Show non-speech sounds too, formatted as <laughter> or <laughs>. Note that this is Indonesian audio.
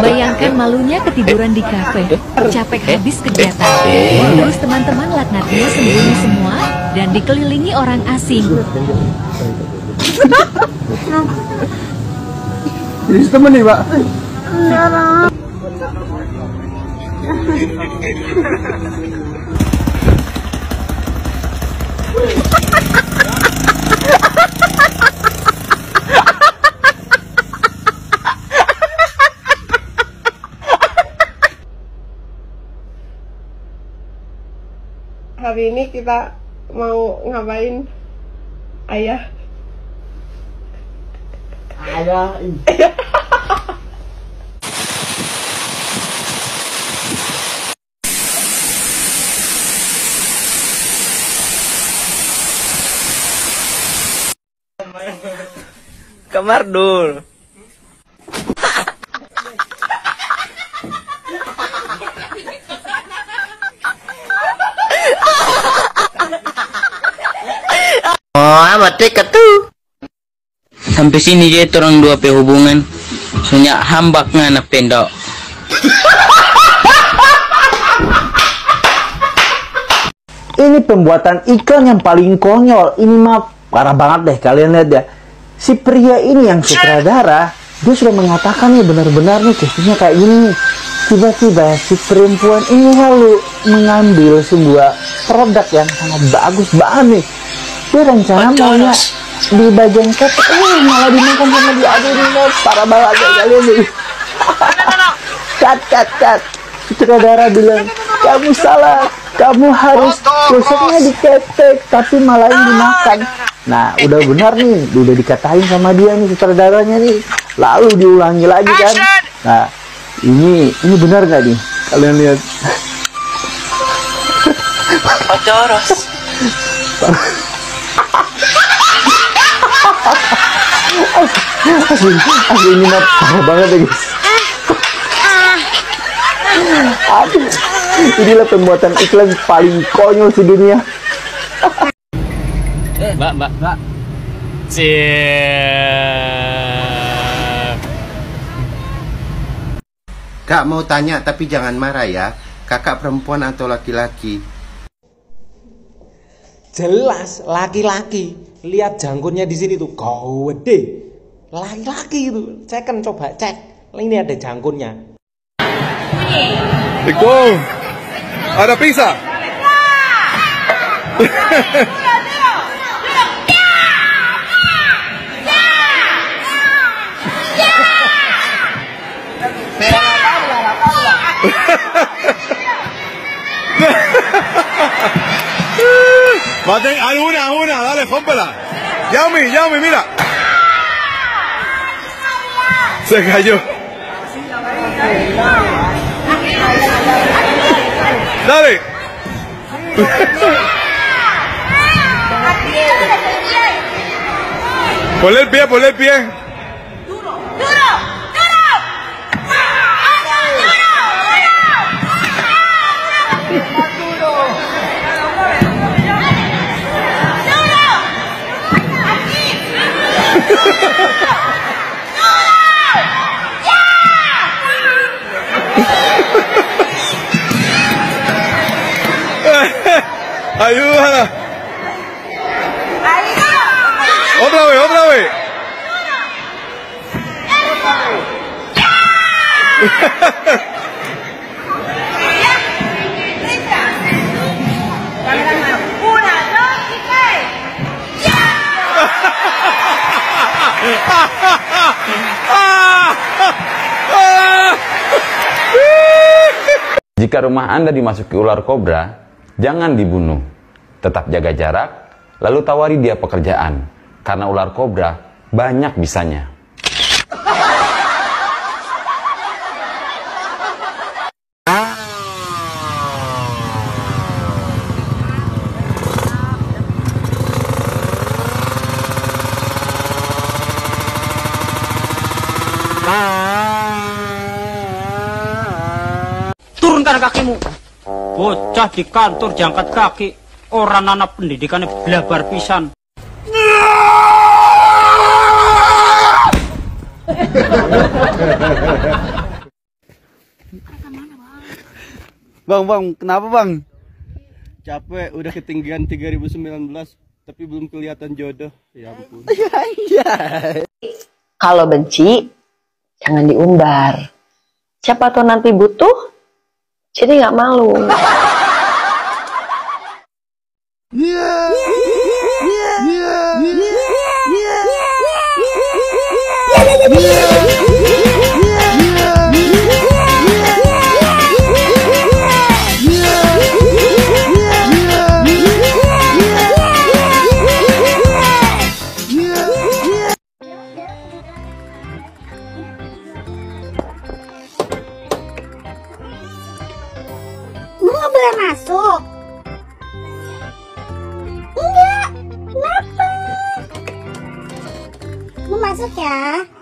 Bayangkan malunya ketiduran di kafe, capek habis kegiatan. Terus teman-teman laknatnya sembunyi semua dan dikelilingi orang asing. Jadi temen nih, Pak. Enggak, Tapi ini kita mau ngapain ayah ayah kemar dulu tuh Sampai sini dia orang dua pe hubungan. Soalnya hambak nganak pendok. Ini pembuatan iklan yang paling konyol. Ini mah parah banget deh kalian lihat ya. Si pria ini yang sutradara, dia sudah mengatakan nih benar-benar nih kasusnya kayak gini Tiba-tiba si perempuan ini lalu mengambil sebuah produk yang sangat bagus banget nih dia rencana maunya di bagian kepala eh malah dimakan sama dia aduh ini parah banget ya kalian nih cat cat cut sutradara bilang kamu salah kamu harus di diketek tapi malah dimakan nah udah benar nih udah dikatain sama dia nih sutradaranya nih lalu diulangi lagi kan nah ini ini benar gak nih kalian lihat bocoros <laughs> asli asli ini mah parah banget ya guys aduh inilah pembuatan iklan paling konyol dunia. Eh, mbak mbak mbak Kak mau tanya tapi jangan marah ya kakak perempuan atau laki-laki jelas laki-laki lihat jangkutnya di sini tuh gede laki-laki itu cek kan coba cek ini ada jangkutnya ikut Ada pizza. <laughs> A una, ah, una, una, dale, fómpela! Yaumi, Yaumi, mira. Se cayó. Dale. Ponle el pie, ponle el pie. duro, duro! Ah, ah, Ayúdala. Otra vez, otra vez. Jika rumah Anda dimasuki ular kobra, Jangan dibunuh. Tetap jaga jarak, lalu tawari dia pekerjaan. Karena ular kobra banyak bisanya. Turunkan kakimu. Bocah di kantor jangkat kaki, orang anak pendidikannya belabar pisan. Bang, bang, kenapa bang? Capek, udah ketinggian 3019, tapi belum kelihatan jodoh. Ya ampun. <laughs> Kalau benci, jangan diumbar. Siapa tahu nanti butuh, jadi nggak malu masuk? Enggak. Kenapa? Mau masuk ya?